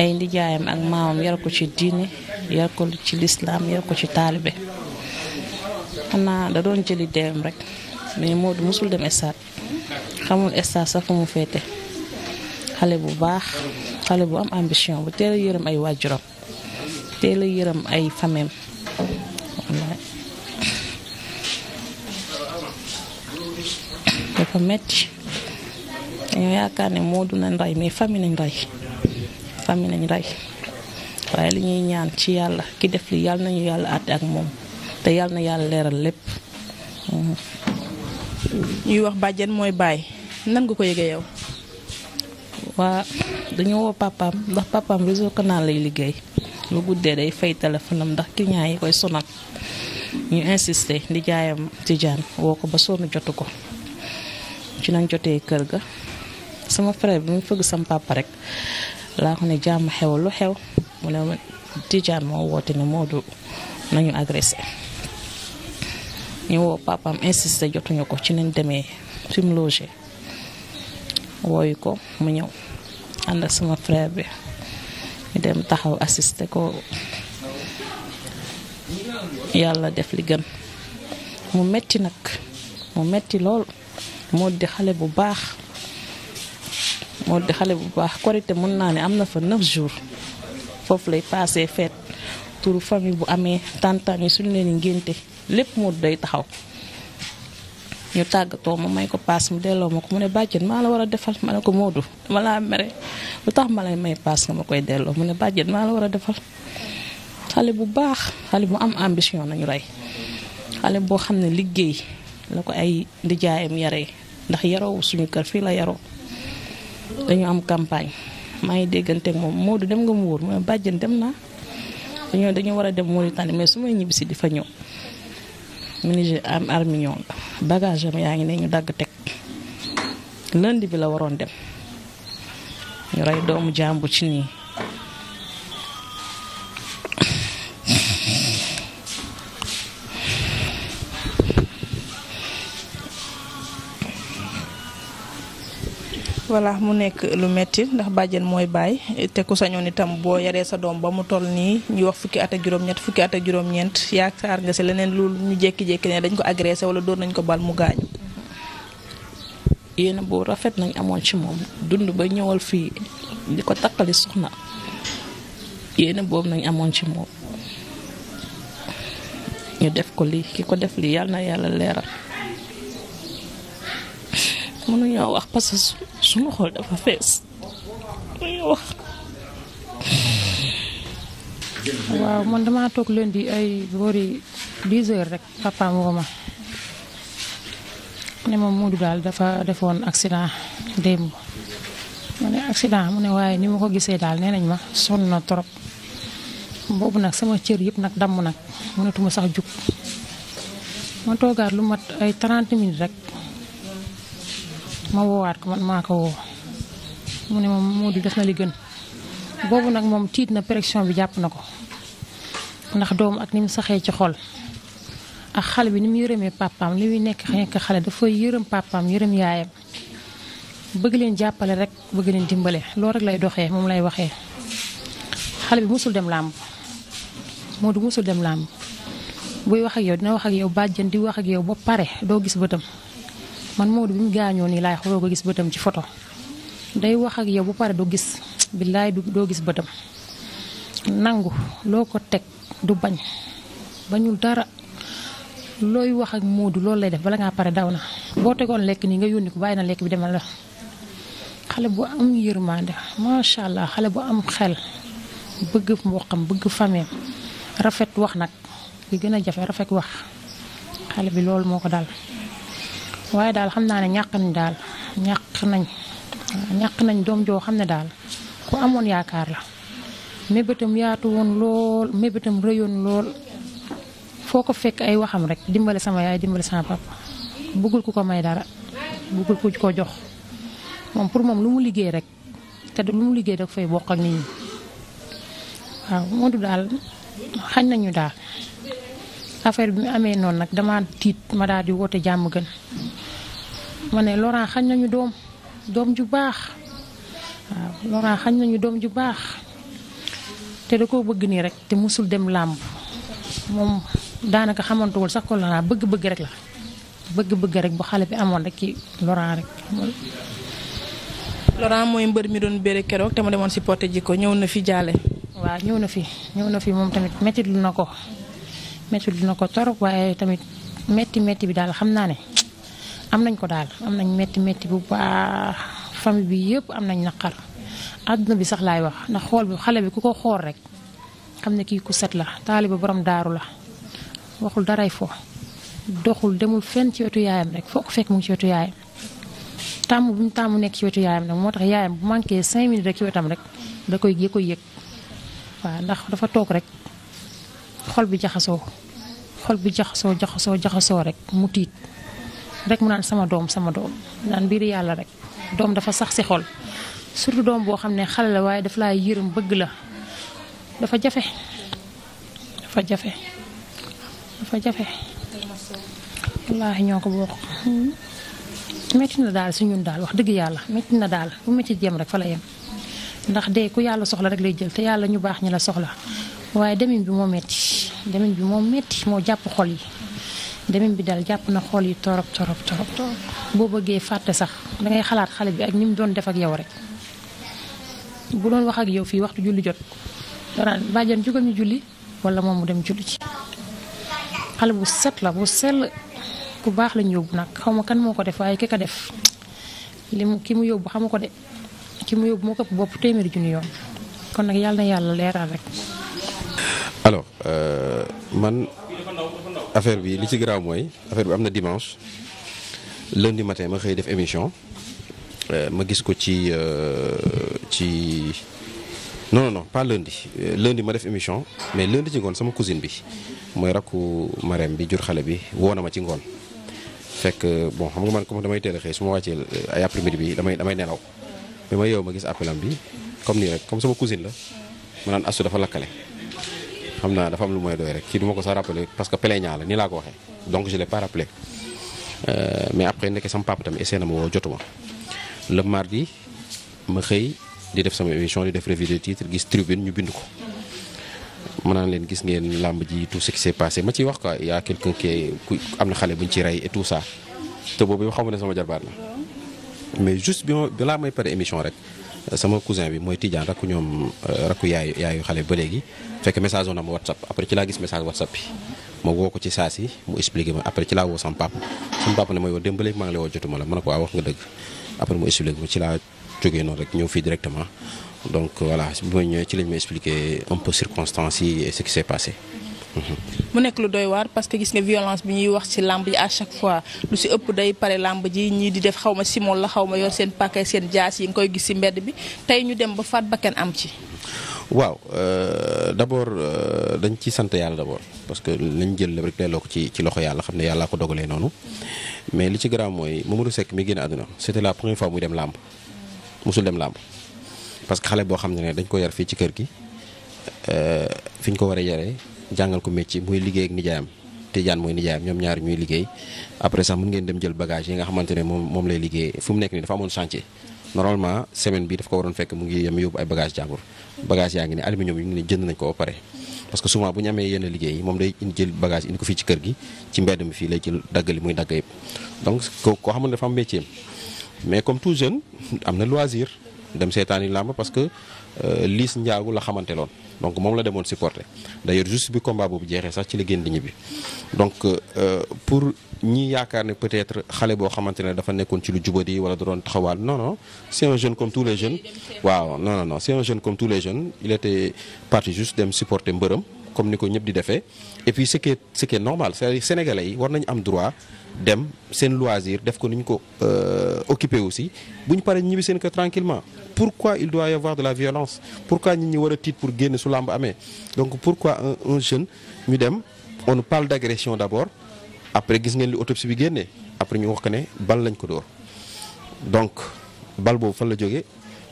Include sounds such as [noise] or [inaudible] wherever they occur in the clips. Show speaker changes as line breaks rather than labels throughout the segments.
ay ndijaayam ak maamam yar ko ci diine yar ko ci lislaam yar ko ci taalibe xanaa da doon jëli deem rek mais Modou mosul dem stade xamul stade sax fu mu féete xale bu baax xale bu am ambition bu teel a yërëm ay waajuram teel yërëm ay fameem dafa metti dañoo yaakaar ne du nañ rey mais famille nañ rey famille lañ rey waaye li ñuy ñaan ci yàlla ki def li yàlla nañu yàlla àtte ak moom te yàlla na yàlla leeral lépp. Mm-hmm. ñuy wax bàjjen mooy baay nan nga ko yëgee yow. waa dañu woo papaam ndax papaam réseau canal lay liggéey mu guddee day fay téléphone am ndax client yi koy sonal ñu insisté di jaayam Tijaan woo ko ba sonn jotu ko ci nañ jotee kër ga sama frère bi mu fëgg sam papa rek laa ko ne jàmm xewal lu xew mu ne Tijaan moo woote ne Modou nañu agressé ñu woo papaam insisté jotuñu ko ci nañ demee fi mu wooyu ko mu ñëw àndak ak sama frère bi dem taxaw assisté ko yàlla def li gën mu metti nag mu metti lool moo di xale bu baax moo di xale bu baax korité mun naa ne am na fa 9 jour foofu lay passé fête turu famille bu amee tantam yi suñu leen ngénte lépp moo day taxaw ñu tàggatoo ma may ko paas mu delloo ma ko mu ne bàjjen maa la war a defal ma ne ko Modou dama laa mere lu tax ma lay may paas nga ma koy delloo mu ne bàjjen maa la war a defal xale bu baax xale bu am ambition nañu rey xale boo xam ne liggéey la ko ay ndijaayam yare ndax yaroo suñu kër fii la yaroo dañu am campagne maa ngi dégganteeg moom moo du dem nga mu wóor mu ne dem na dañoo dañoo war a dem Mauritanie mais su may ñibbisi di fa ñëw mu am armignon la bagage am yaa ngi ne ñu dagg teg lundi bi la waroon dem ñu rey doomu jàmbu ci nii.
voilà mu nekk lu metti ndax bàjjen mooy baay te ku sañoon itam boo yaree sa doom ba mu toll nii ñu wax fukki at ak juróom-ñett fukki at ak juróom-ñeent yaakaar nga si leneen lu ñu jékki-jékki ne dañ ko agressé wala doon nañ ko bal mu gaañu.
yéen bu rafet nañ amoon ci moom dund ba ñëwal fii li ko takkali soxna yéen boobu nañ amoon ci moom ñu def ko lii ki ko def lii yàlla na yàlla leeral
mënuñoo wax parce sunu xol dafa fees waaw man damaa toog lundi ay boori 10 heures rek papa woo ma ne ma Modou daal dafa defoon accident démb ma ne accident mu ne waaye ni ma ko gisee daal nee nañ ma sonn na trop boobu nag sama cër yëpp nag damm nag mënatuma sax jug ma toogaat lu mat ay 30 minutes rek ma woowaat ko man maa ko woo mu ne moom Modou def na li gën boobu nag moom tiit na pression bi jàpp na ko ndax doom ak ni saxee ci xol ak xale bi ni mu yërëmee papaam li muy nekk nekk xale dafay yërëm papaam yërëm yaayam bëgg leen jàppale rek bëgg leen dimbale loolu rek lay doxee moom lay waxee xale bi musul dem làmb Modou musul dem làmb buy wax ak yow dina wax ak yow bàjjen di wax ak yow ba pare doo gis bëtam man Modou bi mu gaañoo nii laay xawoo ko gis bëtam ci photo day wax ak yow bu pare doo gis billaay doo gis bëtam nangu loo ko teg du bañ bañul dara looy wax ak moodu loolu lay def bala ngaa pare daw na boo tegoon lekk nii nga yónni ko bàyyi na lekk bi demal la xale bu am yërmande macha allah xale bu am xel bëgg mboqam bëgg fameem rafet wax nag li gën a jafe rafet wax xale bi loolu moo ko dal waaye daal xam naa ne ñàkk nañ daal ñàkk nañ doom joo xam ne daal ku amoon yaakaar la mébétam yaatu woon lool mébétam rëyoon lool foo ko fekk ay waxam rek dimbale sama yaay dimbale sama papa bëggul ku ko may dara bëggul ku ko jox moom pour moom lu mu liggéey rek te du lu mu liggéey rek fay bokk ak nit ñi waaw Modou daal xañ nañu daal affaire bi mu amee noonu nag dama tiit ma daal di woote jàmm gën ma ne Laurent xañ nañu doom doom ju baax waaw Laurent xañ nañu doom ju baax te da koo bëgg nii rek te musul dem làmb moom daanaka xamantuwul sax ko Laurent bëgg-bëgg rek la bëgg-bëgg rek bu xale bi amoon rek ci Laurent rek.
mooy mbër mi doon bëre keroog te mu demoon si ji ko ñëw na fi jaale.
waa ñëw na fi ñëw na fi moom tamit métti na ko métti lu na ko torop waaye tamit metti métti bi daal xam naa ne. am nañ ko daal am nañ metti métti bu baax famille bi yëpp am nañ naqar àdduna bi sax laay wax ndax xool bi xale bi ku ko xool rek xam ne kii ku set la taaliba borom daaru la waxul daray fo doxul demul fenn ci wetu yaayam rek foo ko fekk mu ngi ci wetu yaayam tàmm bu ñu tàmm nekk ci wetu yaayam nag moo tax yaayam bu manqué cinq minutes rek ci wetam rek da koy da koy yëg waaw ndax dafa toog rek xol bi jaxasoo xol bi jaxasoo jaxasoo jaxasoo rek mu tiit rek mu naan sama doom sama doom naan mbir yàlla rek doom dafa sax si xol surtout doom boo xam ne xale la waaye daf laa yërëm bëgg la dafa jafe dafa jafe dafa jafe wallaahi ñoo ko bokk hmm. metti na daal si ñun daal wax dëgg yàlla metti na daal bu metti jem rek fa la yem ndax de ku yàlla soxla rek lay jël te yàlla ñu baax ñi la soxla waaye demin bi moo metti demin bi moo metti moo jàpp xol yi demin bi daal jàpp na xool yi torop torop torop boo bëggee fàtte sax dangay xalaat xale bi ak ni mu doon def ak yow rek bu doon wax ak yow fii waxtu julli jot danaan bàjjan jugal ñu julli wala moom mu dem julli ci xale bu set la bu sell ku baax lañ yóbbu nag xaw ma kan moo ko def waaye ki ko def li mu ki mu yóbbu xamu ko de ki mu yóbbu moo ko bopp téeméeri junni yoon kon nag yàlla na yàlla leeral rek
alors euh, affaire bi li ci garaaw mooy affaire bi am na dimanche lundi matin ma xëy def émission euh, ma gis ko ci euh, ci non non pas lundi euh, lundi ma def émission mais lundi ci ngoon sama cousine bi mooy rakku mareem bi jur xale bi woo na ma ci ngoon fekk bon xam nga man comme damay teel a xëy su ma wàccee ay après bi damay damay nelaw mais ma yow ma gis appelam bi comme nii rek comme sama cousine la ma naan astu dafa lakkale. xam naa dafa am lu mooy doy rek ci du ma ko sax rappelé parce que plaignant la nii laa ko waxee donc je l'ai pas rappelé euh, mais après nekk sama papa tamit essayé na ma woo ma xëy di def sama émission di def revue de titre gis tribune ñu bind ko ma naan leen gis ngeen làmb ji tout ce qui s'est passé ma ciy wax quoi y a quelqu'un qui am na xale bu ñu ci rey et tout ça te boobu yow xamu ne sama jarbaat la mais juste bi ma balaa may pare émission rek sama cousin bi mooy Tidiane rakku ñoom euh, rakku yaayu yaayu xale ba léegi fekk message woon na ma whatsapp après ci laa gis message whatsapp bi ma woo ko ci saa si mu expliqué ma après ci laa woo sama papa sama papa ne ma yow démb ba léegi maa ngi lay jotuma la ma ne ko waaw wax nga dëgg après mu expliqué ma ci laa jógee noonu rek ñëw fii directement donc voilà bi ma ñëwee ci lañ ma expliqué un peu circonstances yi et ce qui s'est passé
mu nekk lu doy waar parce que gis nga violence bi ñuy wax ci làmb ji à chaque fois lu si ëpp day pare làmb ji ñii di def xaw ma simon la xaw ma yor seen paquet seen jaas yi nga koy gis si mbedd bi tey ñu dem ba faat bakkan am ci.
waaw euh, d'abord euh, dañ ci sant yàlla d'abord parce que lañ jël rek delloo ko ci ci loxo yàlla xam ne yàllaa ko dogalee noonu mais li ci garaaw mooy Mamadou sekk mi génn àdduna c'était la première fois muy dem làmb mosul dem làmb parce que xale boo xam ne ne dañ ko yar fii ci kër gi euh, fi ñu ko war a yaree jàngal ko métier muy liggéey ak nijaayam Tidiane mooy nijaayam ñoom ñaar ñuy liggéey après sax mun ngeen dem jël bagage yi nga xamante ne moom moom lay liggéey fu mu nekk nii dafa amoon chantier normalement semaine bi daf ko waroon fekk mu ngi yem yóbbu ay bagage jàmbur bagage yaa ngi ne aluminium yi ñu ne jënd nañ ko ba pare parce que souvent bu ñu amee yenn liggéey moom day indi jël bagage indi ko fii ci kër gi ci mbedd mi fii lay jël daggali muy xamante dafa am donc moom la demoon supporter d'ailleurs juste bi combat boobu jeexee sax ci la génn di bi donc euh, pour ñi yaakaar ne peut-être xale boo xamante ne dafa nekkoon ci lu jubadi wala daroon doon taxawaal non non c'est un jeune comme tous les jeunes waaw non non non c'est un jeune comme tous les jeunes il était parti juste dem supporter mbërëm comme ni ko ñëpp di defee et puis ce qui est normal c'est-à-dire yi war nañu am droit dem seen loisir def ko ni ñu ko euh, occupé aussi bu ñu paree ñibbi seen kër tranquillement pourquoi il doit y avoir de la violence pourquoi nit ñi pour génn su amee donc pourquoi un un jeune ñu dem on parle d'agression d'abord après gis ngeen li autopsie bi génnee après ñu wax ko ne bal lañ ko dóor donc bal boobu fan la jógee.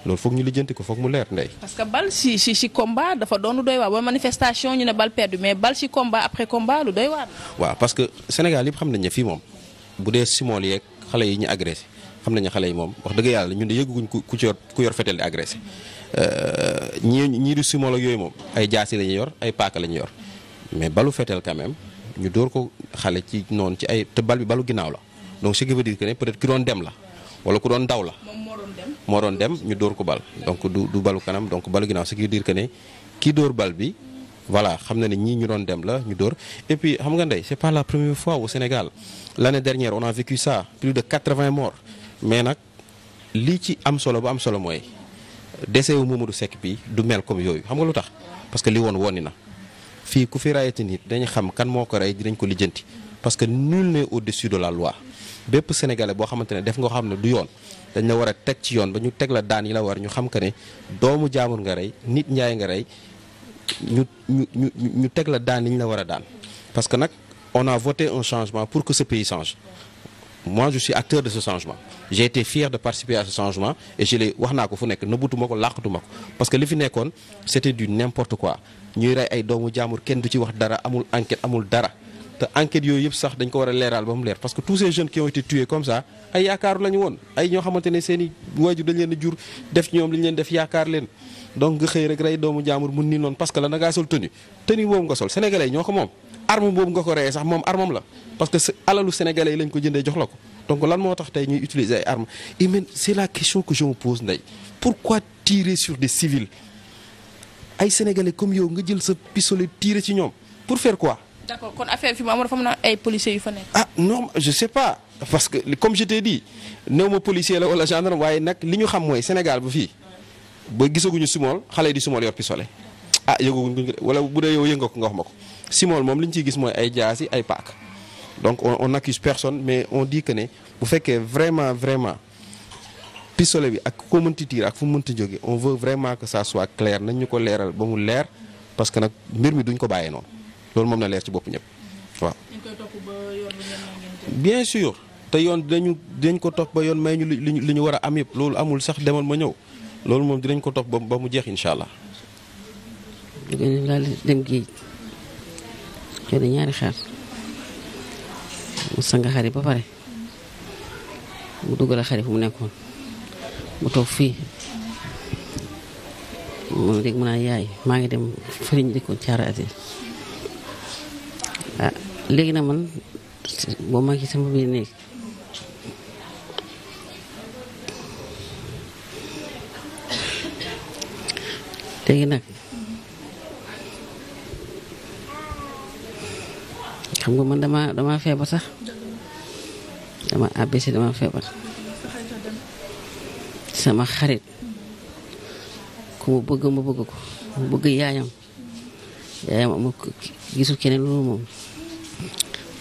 loolu foog ñu lijjanti ko foog mu leer ndey.
parce que bal si si si combat dafa doon lu doy waar ba manifestation ñu ne bal perdu mais bal si combat après combat lu doy waar.
waaw parce que Sénégal yëpp xam nañ fii moom bu dee simol yeeg xale yi ñu agressé xam nañ ne xale yi moom wax dëgg yàlla ñun de yëgguñ ku ci yor ku yor fetel di agressé euh, ñii ñii du simol yooyu moom ay jaasi la ñu yor ay paaka la ñu yor mais balu fetel quand même ñu door ko xale ci noonu ci ay te bal balu ginnaaw la donc ce qui ki doon dem la. wala ku doon daw la. moo doon dem ñu dóor ko bal donc du du balu kanam donc balu ginnaaw ce diir veut que ne kii dóor bal bi voilà xam na ne ñii ñu doon dem la ñu dóor et puis xam nga ndey c'est par la première fois wu Sénégal ne dernière on a vécu ça plus de 80 morts mais nag lii ci am solo ba am solo mooy décès wu Mamadou Seck bi du mel comme yooyu xam nga lu tax parce que li woon wooni na fii ku fi rayati nit dañu xam kan moo ko rey dinañ ko lijjanti parce que nul n'est au de la loi. bépp sénégalais boo xamante ne def ngoo xam ne du yoon dañ la war a teg ci yoon ba ñu teg la daan yi la war ñu xam que ne doomu jaamur nga rey nit njaay nga rey ñu ñu ñu ñu teg la daan yi ñu la war a daan. parce que nag on a voté un changement pour que ce pays change moi je suis acteur de ce changement j'ai été fier de participer à ce changement et je l'ai wax naa ko fu nekk nëbbutuma ko làqatuma ko parce que li fi nekkoon c'était du n'importe quoi ñuy r ay doomu jaamur kenn du ci wax dara amul enquête amul dara. te enquête yooyu yëpp sax dañ ko war a leeral ba mu leer parce que tous ces jeunes qui ont été comme ça ay yaakaaru la woon ay ñoo xamante ne seen waajur dañ leen a jur def ñoom li ñu leen def yaakaar leen donc nga xëy rek rey doomu jaamur mun ni noonu parce que la na ngaa sol tenue tenue boobu nga sol sénégalais ñoo ko moom arme boobu nga ko reyee sax moom armam la parce que alalu sénégalais lañ ko jëndee jox la ko donc lan moo tax tey ñuy utiliser ay armes et même c'est la question que je me pose yow nga jël sa pistolet tirer ci ñoom pour faire quoi
d'accord kon affaire fi mu amoon dafa mën a ay policiers yu fa nekk.
ah non je sais pas parce que comme je t'ai dit néew ma policier la wala gendarme waaye nag li ñu xam mooy Sénégal ba fii ba gisaguñu simool xale di simool yor pistolet ah yëngu ko wala bu dee yow yënga ko nga wax ma ko simool moom li ñu ciy gis mooy ay jaasi ay paak donc on on accuse personne mais on dit que ne bu fekkee vraiment vraiment. pistolet bi ak ko mënti tiir ak fu mu mënti jóge on vraiment que ça soit clair nañ ñu ko leeral ba mu leer parce que nag mbir mi duñ ko bàyyee noonu. loolu moom na leer ci bopp ñëpp waaw. bien sûr te yoon dinañu dinañ ko topp ba yoon may ñu li ñu war a am yëpp loolu amul sax demal ma ñëw loolu moom dinañ ko topp ba mu jeex incha allah.
daal dem ñaari xaar mu sang xar ba pare mu dugal xar yi mu nekkoon mu toog fii mu dégg mu naan yaay maa ngi dem fëriñ dëkkoon caara atil léegi nag man boo ma gis sama biir léegi nag xam nga man dama dama feebar sax dama ABC dama feebar sama xarit ku mu bëgg ma bëgg ko mu bëgg yaayam yaayam amul gisu keneen loolu moom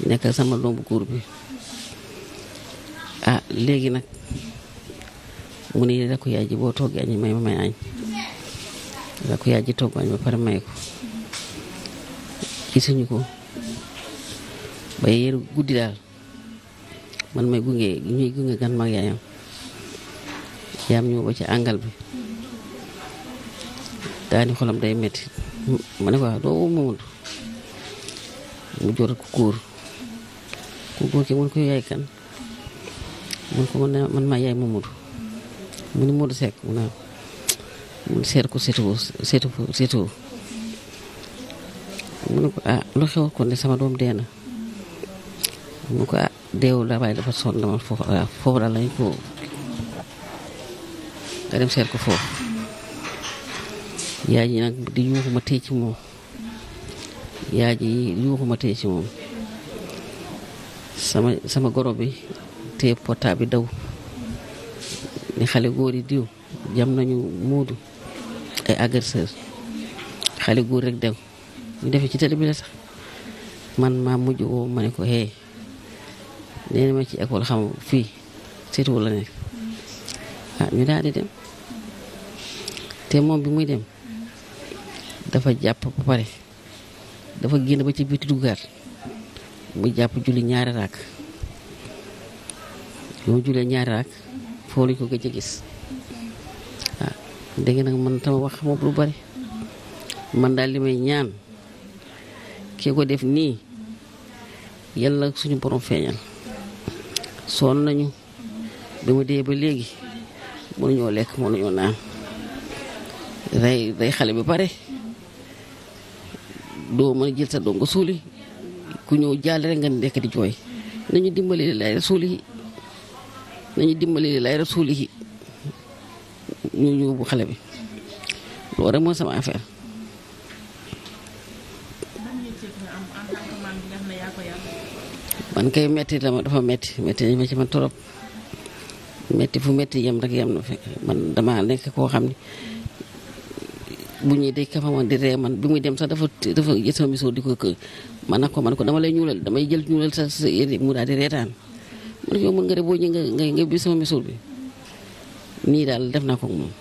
nekk sama doomu góor bi ah léegi nag mu ne la ko yaay ji boo toogee añ may ma may añ la yaay ji togg añ ba pare may ko gisuñu ko ba yeeru guddi daal man may gunge ñuy gunge gan mag yaayam yaam ñëw ba ci àngal bi daani xolam day metti ma ne ko ah, doo muut mu jor ko góor ku góor ki mun ko yaay kan mun ko man maa yaay mu ni Modou Seck mu ne mun seet ko seetoo seetoo seetoo ko ah lu xew ko ne sama doom dee na mu ko ah deewul daa waaye dafa sonn dama foofu ah, foofu daal lañ ko nga dem seet ko foofu yaay ji nag di yuuxuma tey ci moom yaay ji yuuxuma tey ci moom sama sama goro bi téye pota bi daw xale góor yi diw jam nañu muudu ay agresseur xale góor rek dew ñu defee ci télé bi la sax man maa mujj woo ma ne ko hey nee ma ci école xam fii surtout la nekk ah ñu daal di dem te moom bi muy dem dafa jàpp ba pare dafa génn ba ci biti duggaat mu jàpp julli ñaari raak moo jullee ñaari raak foo lañ ko gëj gis waaw ah, dégg nag man tama wax moom lu bari man daal li may ñaan kii ko def nii yàlla suñu borom feeñal soon nañu bi mu dee ba léegi mënuñoo lekk mënuñoo naan rey rey xale bi pare doo mën a jël sa doom suuli ku ñëw jàll rek nga nekk di jooy nañu dimbali lay rasulihi nañu dimbali lay rasulihi ñu xale bi loolu rek mooy sama affaire. man kay metti dama dafa metti metti nañ ma ci man torop metti fu metti yem rek yem na fi man dama nekk koo xam ne bu ñuy day kafa man di ree man bi muy dem sax dafa dafa jël sama misoo di ko man na ko man ko dama lay ñuulal damay jël ñuulal sa sa mu daal reetaan man yow ma nga re boo ñu nga nga nga bi sama misul bi nii daal def naa ko moom.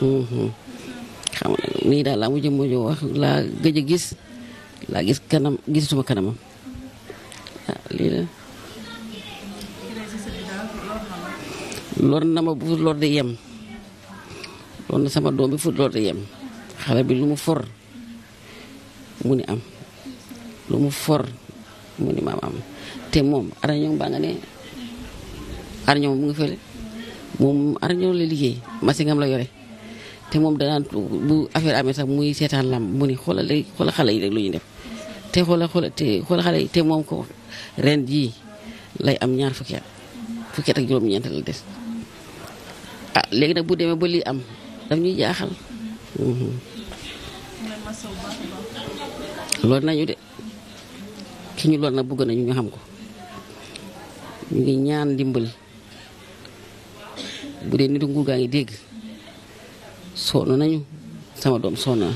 Mhm. xam nga laa mujj mujj gis laa gis kanam gisatuma ah, lii la. lor na ma bu lor di yem lor na sama doom bi fu lor di yem xale bi lu mu for mu ni am. lu mu for mu ni maam am te moom arañoo baa ne arañoo mu ngi fële moom arañoo la liggéey masingam la yore te moom danaan bu affaire amee sax muy seetaan lam mu ni xoola lay xoola xale yi rek lu ñuy def te xoola xoola te xoola xale yi te moom ko ren jii lay am ñaar fukki at fukki at ak juróom-ñeent la des ah léegi nag bu demee ba lii am daf ñuy jaaxal mhm. loolu nañu de ki ñu lool nag bëgg nañu ñu xam ko ñu ngi ñaan ndimbal bu dee nitu nguur gaa ngi dégg sonn nañu sama doom sonn na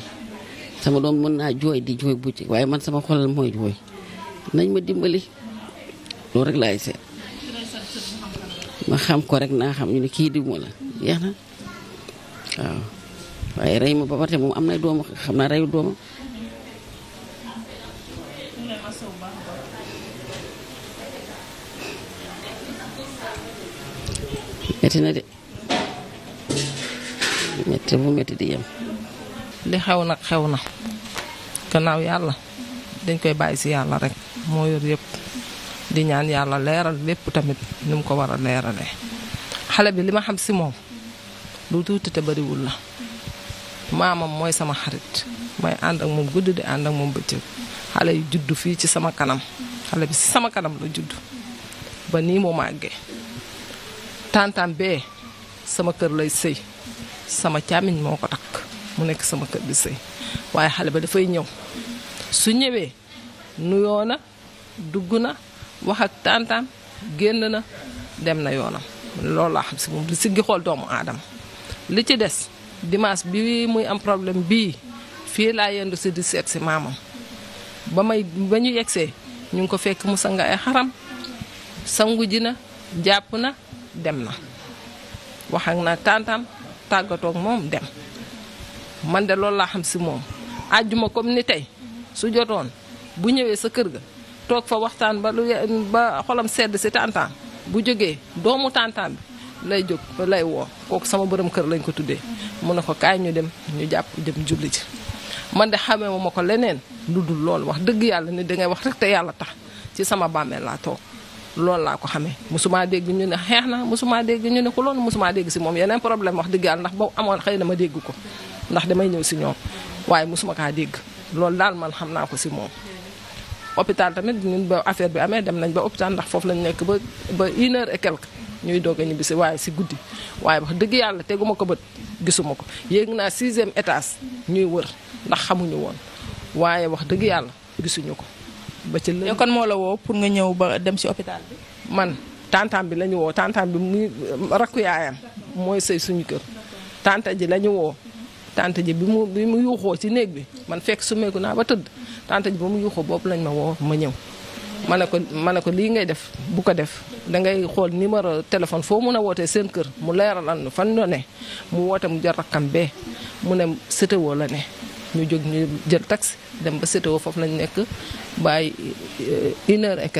sama doom mën naa jooy di jooy bucc waaye man sama xolal mooy jooy nañ ma dimbali loolu rek laay seet ma xam ko rek naa xam ñu ni kii di ma la yeex na waaw waaye rey ma ba moom am na doomu xam naa reyu dooma métti na de métti bu métti di yem.
li xew nag xew na gannaaw yàlla dañ koy bàyyi si yàlla rek moo yor yëpp di ñaan yàlla leeral lépp tamit ni mu ko war a leeralee. xale bi li ma xam si moom lu tuuti te bariwul la maamam mooy sama xarit may ànd ak moom guddi di ànd ak moom bëccëg xale yi juddu fii ci sama kanam xale bi si sama kanam la juddu ba nii mu màggee. tantam bee sama kër lay sëy sama càmmiñ moo ko takk mu nekk sama kër di sëy waaye xale ba dafay ñëw su ñëwee nuyoo na dugg na wax ak tantam génn na dem na yoonam loolu laa xam si moom di siggi xool doomu aadama li ci des dimanche bi muy am problème bii fii laa yendu si di seet si maamam ba may ba ñu yegsee ñu ngi ko fekk mu sanga ay xaram sanguji na jàpp na dem na wax ak na tàntam tàggatoog moom dem man de lool laa xam si moom àjjuma comme ni tey su jotoon bu ñëwee sa kër ga toog fa waxtaan ba lu ba xolam sedd si tàntam bu jógee doomu tàntam bi lay jóg lay woo kooku sama borom kër lañ ko tuddee mu ne ko kaay ñu dem ñu jàpp dem julli ji man de xamee ma ko leneen lu dul loolu wax dëgg yàlla ni dangay wax rek te yàlla tax ci sama bàmmeel laa toog loolu laa ko xamee mosumaa dégg ñu ne xeex na mosumaa dégg ñu ne ku loolu mosumaa dégg si moom yeneen problème wax dëgg yàlla ndax boobu amoon xëy na ma dégg ko ndax damay ñëw si ñoom waaye masuma kaa dégg loolu daal man xam naa ko si moom hôpital tamit ñun ba affaire bi amee dem nañ ba hôpital ndax foofu lañu nekk ba ba une heure quelque ñuy doog ñibbi si waaye si guddi waaye wax dëgg yàlla teguma ko bët gisuma ko yéeg naa sixième étage ñuy wër ndax xamuñu woon waaye wax dëgg yàlla gisuñu ko ba ci lënd. kon moo la woo pour nga ñëw ba dem si hôpital bi. man tantam bi la woo tantam bi mu rakku yaayam mooy sëy suñu kër. tànta ji lañu woo. tante ji bi mu bi mu yuuxoo ci néeg bi man fekk sumeeku naa ba tëdd. tante ji ba mu yuuxoo boobu lañ ma woo ma ñëw. ma ne ko ma ne ko lii ngay def bu ko def dangay xool numéro téléphone foo mun a wootee seen kër mu leeral nu fan la ne mu woote mu jël rakkam bee mu ne sétéwoo la ne ñu jóg ñu jël taxi. dem ba CTO foofu lañu nekk bàyyi euh, une heure et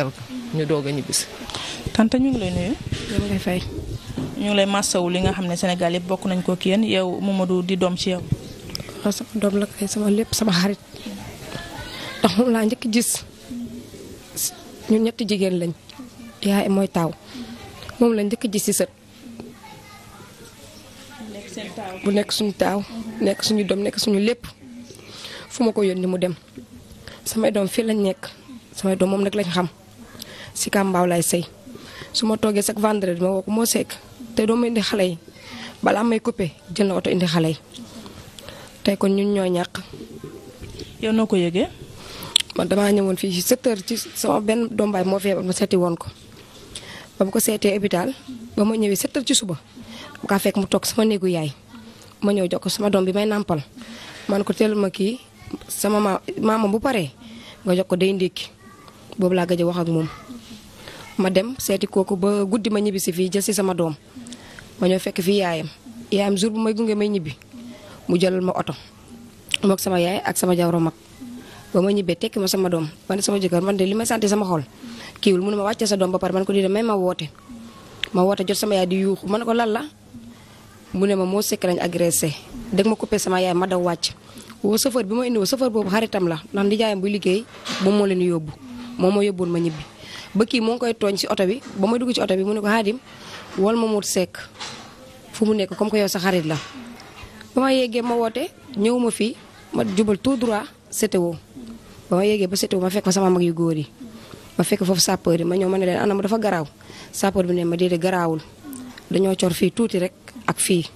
ñu doog a ñibbisi.
tante ñu ngi lay nuyu. yow ngay fay. ñu ngi lay masawu li nga xam ne Sénégal yëpp bokk nañ ko ak yenn yow Momadou di doom ci yow.
sama doom la kay sama lépp sama xarit ndax moom laa njëkk jis ñun ñetti jigéen lañ mooy taaw moom la njëkk gis si sët bu nekk suñu taaw nekk suñu doom nekk suñu lépp. fu ma ko yónni mu dem samay doom fii lañ nekk samay doom moom nag lañ xam si kàmbaaw laay sëy su ma toogee chaque vendredi ma moo sekk te doo ma indi xale yi balaa may coupé jël oto indi xale tey kon ñun ñoo ñàkk. yow noo ko yëgee. man damaa ñëwoon fii ci 7 ci sama benn doom baay moo feebar ma seeti woon ko ba ma ko seetee hôpital ba ma ñëwee 7 ci suba bu kaa fekk mu toog sama néegu yaay ma ñëw jox ko sama doom bi may nàmpal man ko teel kii. sama ma maamam bu paree nga jox ko day ndékki boobu laa gëj a wax ak moom. ma dem seeti kooku ba guddi ma ñibbi si fii jël si sama doom ma ñëw fekk fii yaayam yaayam jour bu may gunge may ñibbi mu jëlal ma oto moog sama yaay ak sama jawro mag ba ma ñibbee ma sama doom man sama jëkkër man de li may santé sama xol kiiwul mun ma wàccee sa doom ba pare man ko di dem may ma woote ma woote jot sama yaay di yuuxu ma ne ko lan la mu ne ma moo sekk lañ agressé dégg ma coupé sama yaay ma daw wàcc woo chauffeur bi ma indi woo chauffeur boobu xaritam la ndax nijaayam bu liggéey moom moo leen yóbbu moom moo yóbbuwoon ma ñibbi ba kii moom koy tooñ si oto bi ba ma dugg ci oto bi mu ne ko xaadim wal ma Modou Seck fu mu nekk comme que yow sa xarit la. ba ma yeggee ma woote ñëw ma fii ma jubal tout droit CTO ba ma yeggee ba CTO ma fekk fa sama mag yu góor yi ma fekk foofu sapeur yi ma ñëw ma ne leen anam dafa garaaw sapeur bi ne ma déedéet garaawul dañoo cor fii tuuti rek ak fii.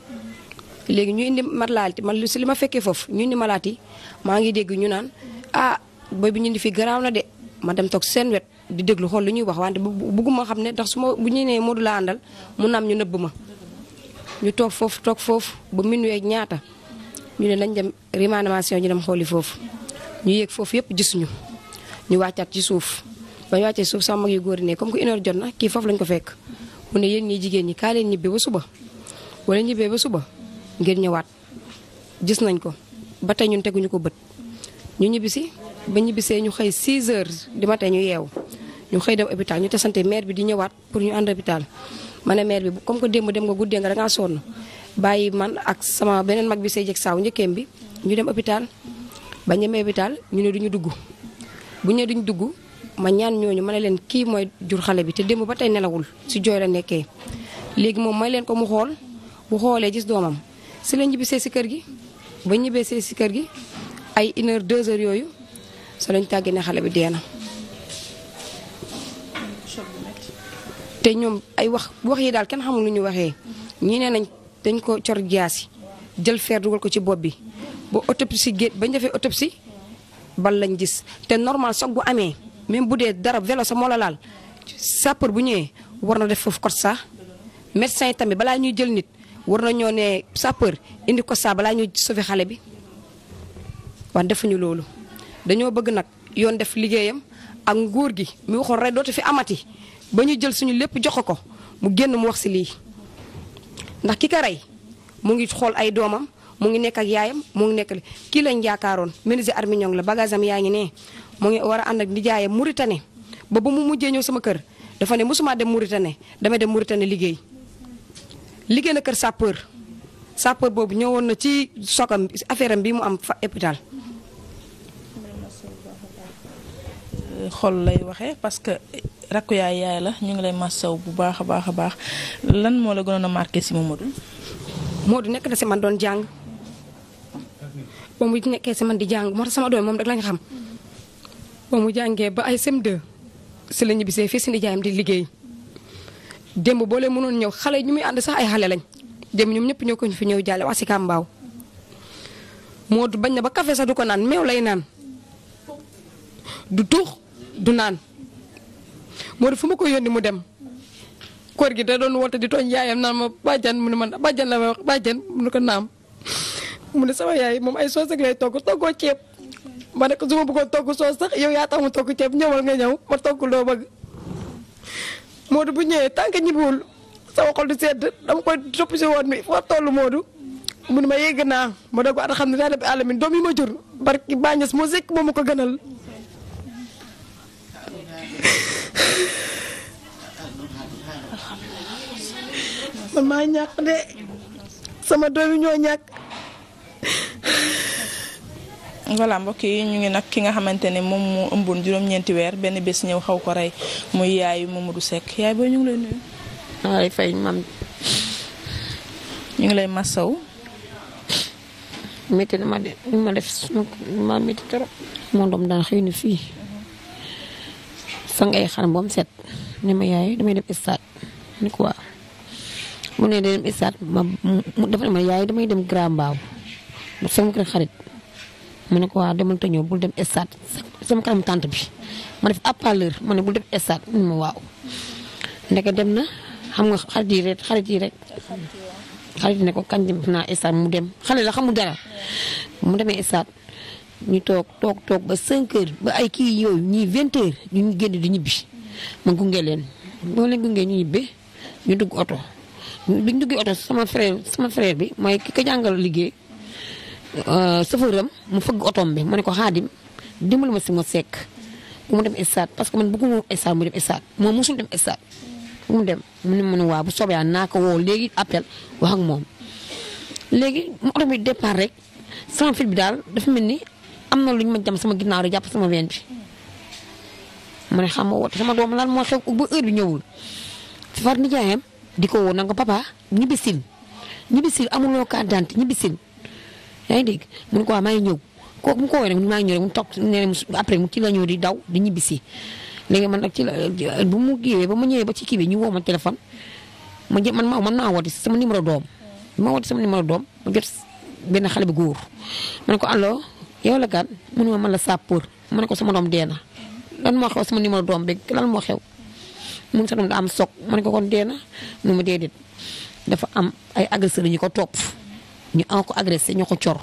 léegi ñu indi matalaati man lu si li ma fekkee foofu ñu indi malaat yi maa ngi dégg ñu naan ah ba bi ñu indi fii garaaw na de ma dem toog seen wet di déglu xool lu ñuy wax wante bëgguma xam ne ndax su ma bu ñu nee Modou mu naam ñu nëbb ma. ñu toog foofu toog foofu ba minuit ñaata ñu ne nañ dem réanimation ñu dem xooli foofu ñu yéeg foofu yëpp gisuñu ñu wàccaat ci suuf ba ñu wàccee suuf sama mag yu góor ne comme que une jot na kii foofu lañ ko fekk mu ne yéen ñii jigéen ñi kaa leen ñibbee ba suba wala ñibbee ba suba. ngir ñëwaat gis nañ ko ba tey ñun teguñu ko bët ñu ñibbisi ba ñibbisee ñu xëy 6 heures di matin ñu yeew ñu xëy dem hôpital ñu te sante maire bi di ñëwaat pour ñu ànd hôpital ma ne maire bi comme que démb dem nga guddee nga da ngaa sonn bàyyi man ak sama beneen mag bi say jeg saaw njëkkeem bi ñu dem hôpital ba ñemee hôpital ñu ne du ñu dugg bu ñu duñ dugg ma ñaan ñooñu ma ne leen kii mooy jur xale bi te démb ba tey nelawul si jooy la nekkee léegi moom may leen ko mu xool bu xoolee gis doomam si lañ ñibbisee si kër gi ba ñibbisee si kër gi ay une heure deux heures yooyu so lañ tàggee ne xale bi dee na te ñoom ay wax wax yi daal kenn xamul lu ñuy waxee ñii nee nañ dañ ko cor jaasi jël feer dugal ko ci bopp bi ba autopsie gé bañ defee autopsie bal lañ gis te normal soog bu amee même bu dee dara vélo sa moo la laal sapeur bu ñëwee war na def foofu kot sax médecin balaa ñuy jël nit war nañoo ne sapeur indi ko saa balaa ñu sauver xale bi wan defuñu loolu dañoo bëgg nag yoon def liggéeyam ak nguur gi mu waxoon rek dootu fi amati ba ñu jël suñu lépp jox ko mu génn mu wax si lii ndax ki ka rey mu ngi xool ay doomam mu ngi nekk ak yaayam mu ngi nekk kii lañ yaakaaroon menuisier armignon la bagage am yaa ngi ne mu ngi war a ànd ak nijaayam Mauritanie ba ba mu mujjee ñëw sama kër dafa ne mësuma dem Mauritanie damay dem Mauritanie liggéey. liggéey na kër sapeur sapeur boobu ñëwoon na ci sokam affaire am bi mu am fa hôpital. xol lay
waxee parce que eh, rakku yaay yaay la ñu ngi lay masaw bu baax a baax a baax lan moo la gënoon a marqué si Modou.
Modou nekk na si man doon jàng ba mu nekkee si man di jàng moo tax sama doom moom rek lañ xam ba mu jàngee ba ay sem 2 si la ñibbisee fii si nijaayam di liggéey. démb boo leen mënoon ñëw xale ñu muy ànd sax ay xale lañ démb ñoom ñëpp ñoo ko fi ñëw jàlle waa si Mbao moo du bañ na ba café sax du ko naan meew lay naan du tuux du naan moo du fu ma ko yónni mu dem
kor gi da doon woote di tooñ yaayam
naan ma bàjjan mu ne man bàjjan la ma wax bàjjan mu ne ko naam mu ne sama yaay moom ay soos ak lay togg toggoo ceeb ma ne ko su ma bëggoon togg soos sax yow yaa tax mu togg ceeb ñëwal nga ñëw ma togg loo bëgg Modou bu ñëwee tant que ñibbiwul sama xol di sedd dama koy topp si woon mi foo toll Modou mun ma yegg naa ma doog a xam ne daal bi alamin
doom yi ma jur barki bàññees moo sekk ma ko gënal.
[laughs] man ñàkk de sama doom yi ñoo ñàkk. [laughs] voilà mbokk yi ñu ngi nag ki nga xamante ne moom moo ëmboon juróom-ñeenti weer benn bés ñëw xaw ko rey muy yaay booy ñu ngi lay nuyu. maa lay fay ngi lay masaw métti na ma
ma def ma métti fii sang ay xaram boom set ne ma yaay damay dem stade ni ko waaw mu ne dem stade mu dafa ma yaay damay dem Grand Mbao sama kër xarit. mu ne ko waaw demal te ñëw bul dem stade sama kanam tante bi ma def appaleur ma ne bul def stade mu ma waaw ndeke dem na xam nga xarit yi rek xarit yi rek xarit ne ko kañ dem naa stade mu dem xale la xamul dara mu demee stade ñu toog toog toog ba 5 ba ay kii yooyu ñii 20 ñu ngi génn di ñibbi ma gunge leen boo leen gungee ñu ñibbi ñu dugg oto ñu duñ dugg oto suma frère suma frère bi mooy ki ko jàngal liggéey. sëfëram euh, mu fëgg otoom bi mu ne ko xaadim dimbali ma si ma sekk bu mu dem stade parce que man bëgguma woon stade mu dem stade moom mosul dem stade bu mu dem mu ne ma ne waa bu naa ko woo léegi appel wax ak moom. léegi mu oto rek sama bi daal dafa mel ni am na lu ñu ma jam sama ginnaaw rek jàpp sama ween bi mu ne xam ma woote sama doom lan moo xew ba heure bi ñëwul far nijaayam di ko woo na nga papa ñibbisil ñibbisil amuloo carte d'identité ñibbisil yaa ngi dégg mun ko waa maa ngi ñëw kooku mu ko woowee nag maa ngi ñëw rek mu toog nee après ci la ñëw di daw di ñibbisi léegi man nag ci la bu mu géewee ba mu ñëwee ba ci kii bi ñu woo ma téléphone ma jë man ma man maa woote sama numéro doom ma woote sama numéro doom ma jot benn xale bu góor ma ne ko allo yow la kan mun ma man la sàppoor ma ne ko sama doom dee na lan moo xew sama numéro doom bi lan moo xew mun sa doom da am soog ma ne ko kon dee na nu ma déedéet dafa am ay agresseurs ñu ko topp. ñu am ko agressé ñu ko cor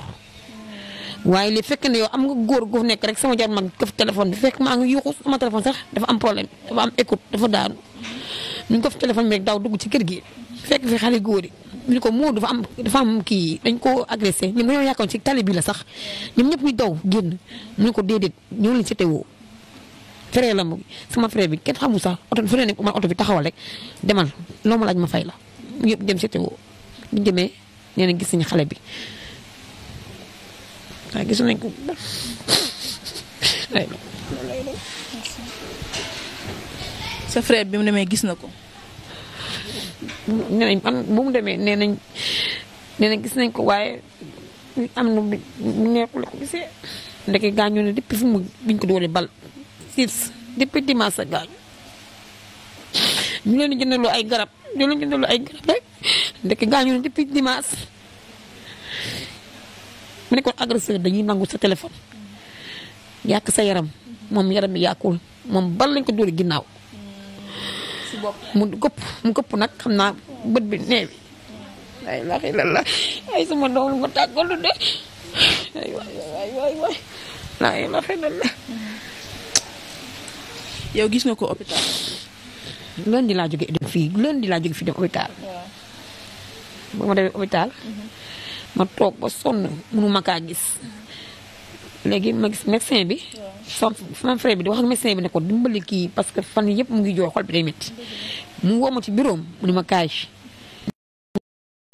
waaye li fekk ne yow am nga góor gu nekk rek sama jar mag këf téléphone bi fekk maa ngi yuuxu sama téléphone sax dafa am problème dafa am écoute dafa daanu ñu ko fi téléphone bi dugg ci kër gi fekk fi xale góor ñu ko moo dafa am dafa am kii dañ ko agressé ñun dañoo yàkkoon ci tali bi la sax ñoom ñëpp ñu daw génn ñu ko déedéet ñoo leen seete woo frère la mu su ma feree bi kenn xamul sax oto fu ne man oto bi taxawal rek demal loo ma laaj ma fay la ñëpp dem seete woo nee na gis nañ xale bi
gis nañ ko [laughs] sa frère bi mu demee gis na ko. nee nañ
mu demee nee nañ nee gis nañ ko waaye am na bu neexu la ko gisee ndeke gaañoo ne depuis biñ ko doole bal six depuis dimanche sa gaañu ñu leen di jëndaloo ay garab ñu leen jëndaloo ay garab rek. ndekki gaañu na depuis dimanche mu nekkoon agresseur dañuy nangu sa téléphone yàq sa yaram moom yaram bi yàqul moom bal lañ ko dóor ginnaaw mu këpp mu këpp nag xam naa bët bi nee bi ay la la ay la la yow gis nga ko hôpital lundi laa jóge dem fii lundi laa jóge fii dem hôpital ba ma demee hôpital. Mhm. ma toog ba sonn mënuma kaa gis. Mhm. léegi ma gis médecin bi. sama sama bi di ak médecin bi ne dimbali kii parce que fan yëpp mu ngi jooy day métti. Mhm. mu ci bureau mu ne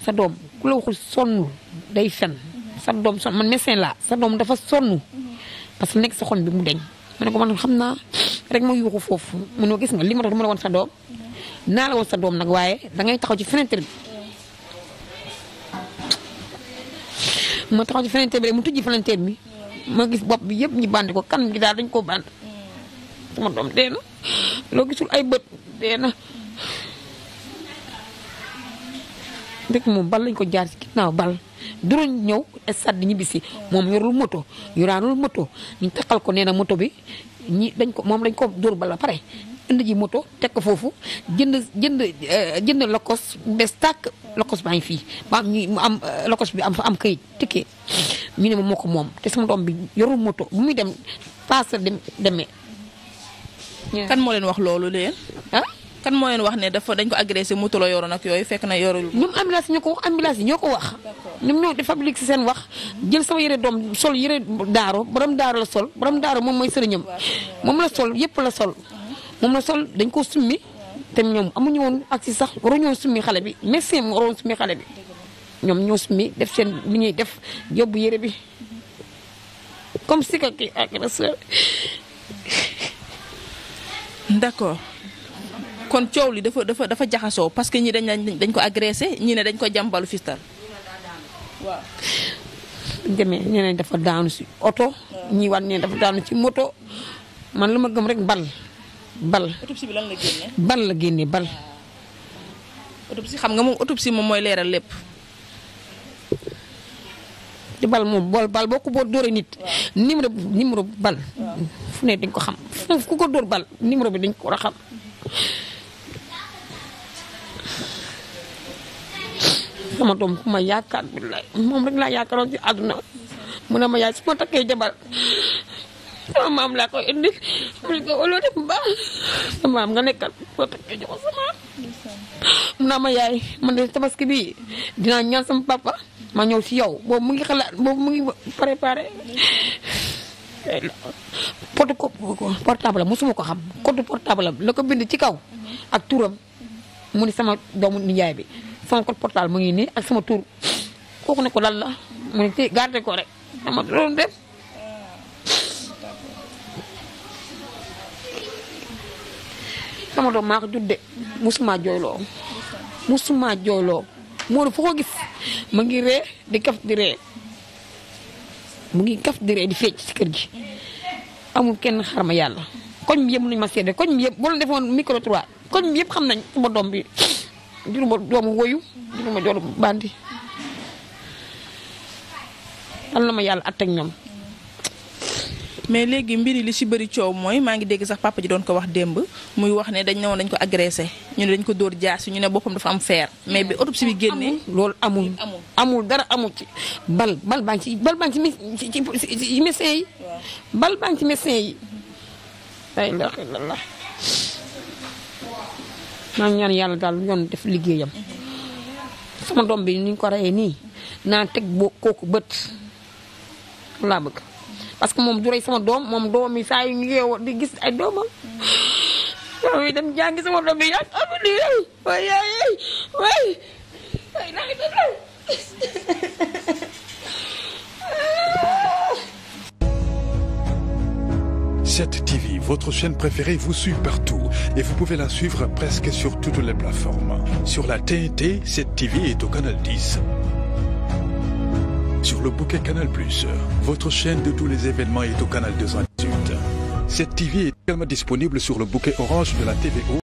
sa doom ku la waxul sonn day fen sa doom sonn man médecin laa sa doom dafa sonn. parce que nekk sa xol bi mu deñ ma ne ko man xam naa rek ma yuuxu foofu mu ne gis nga li ma tax du ma la woon sa doom. naa la woon sa doom nag waaye da ngay taxaw ci fenêtre bi. ma taxaw ci feneen bi rek mu tujji feneen bi ma gis bopp bi yëpp ñu band ko kan gi daal dañ koo band sama doom na loo gisul ay bët dee na dëkk moom bal lañ ko jaar ci ginnaaw bal duruñ ñëw stade ñibbi ñibbisi moom yorul moto yoraanul moto ñu takkal ko nee moto bi ñi dañ ko moom dañ ko dóor bal la pare indi ji moto teg ko foofu jënd jënd euh, jënd lokos bes tàkk lokos baa ngi fii ma am mu am euh, lokos bi am am këyit tikkee ñu ne ma moo ko moom te sama doom bi yorul moto bu muy dem paas dem demee.
kan moo leen wax loolu leen ah. kan moo leen wax ne dafa dañ ko agressé moto la yoroon ak yooyu fekk na yorul.
ñoom ambulance ko wax ambulance yi ñoo ko wax. ñoom ñoo dafa fabrique si seen wax jël sama yëre doom sol yëre daaro borom daaro la sol borom daaro moom mooy sëriñam moom la sol yëpp moom la sol dañ koo summi te ñoom amuñu woon ak si sax waruñoo summi xale bi médecin mu waroon summi xale bi ñoom ñoo summi def seen lu ñuy def yóbbu yére bi
comme si que kii agresseur kon coow li dafa dafa dafa jaxasoo parce que ñi dañ dañ ko agressé ñi ne dañ ko jàmbalu fistal waaw demee ñeneen dafa
daanu si oto ñi wan ñeneen dafa daanu ci moto man lu ma gëm rek bal bal.
autopsie la génne.
bal la génne ah.
xam nga moom autopsie moom mooy leeral lépp.
di bal moom bool bal boo ko boo dóoree nit. numéro numéro bal. fu ne dañ ko xam ku ko dóor bal numéro bi dañ ko war a xam. sama doom ku ma yaakaar billaay moom rek laa yaakaaroon ci àdduna mu ne ma yaay su ma takkee jabar sama maam laa koy indi mu ne ko wóoloo de bu sama maam nga nekkal boo
takkee jox ko sa maam
naa ma man de tabaski bi dinaa ñaan sama papa ma ñëw si yow boobu mu ngi xalaat boobu mu ngi préparé porte portable mosuma ko xam code portable am la ko bind ci kaw ak turam mu ni sama doomu nijaay bi sama code portable mu ngi nii ak sama tur kooku ko lan la mu ne te garde ko rek sama doon dem sama doom maa ko judde musuma jooyloo musuma jooyloo Modou foo ko gis mu ngi ree di kaf di ree mu ngi kaf di ree di fecc ci kër gi amul kenn xar ma yàlla koñ bi yëpp nañu ma seede koñ bi yëpp boo leen defoon micro trois koñ bi yëpp xam nañ sama doom bi juruma doomu woyu
juruma joolu bandi yàlla na ma yàlla àtteeg ñoom mais léegi mbiri li ci bëri coow mooy maa ngi dégg sax papa ji doon ko wax démb muy wax ne dañ ne woon dañ ko agressé ñu ne dañ ko dóor jaas ñu ne boppam dafa am feer mais bi autopsie
bi génnee loolu amul
amul dara amul ci bal bal baa ngi ci bal ngi
ci médecin yi bal baa ngi ci médecin yi la ilaha illallah maa ngi yàlla daal yoon def liggéeyam sama doom bi ni ñu ko reyee nii naa teg boo kooku bët laa bëgg parce que moom du rey sama doom moom doom yi saa yu ñu yeewoo di gis ay doomam. doom yi dem jàngi sama doom yi yàgg am na yow waay yaay waay
waay naa ngi doon
Cette TV, votre chaîne préférée, vous suit partout et vous pouvez la suivre presque sur toutes les plateformes. Sur la TNT, cette TV est au canal 10. sur le bouquet Canal+. Votre chaîne de tous les événements est au canal 228. Cette TV est également disponible sur le bouquet
orange de la TVO.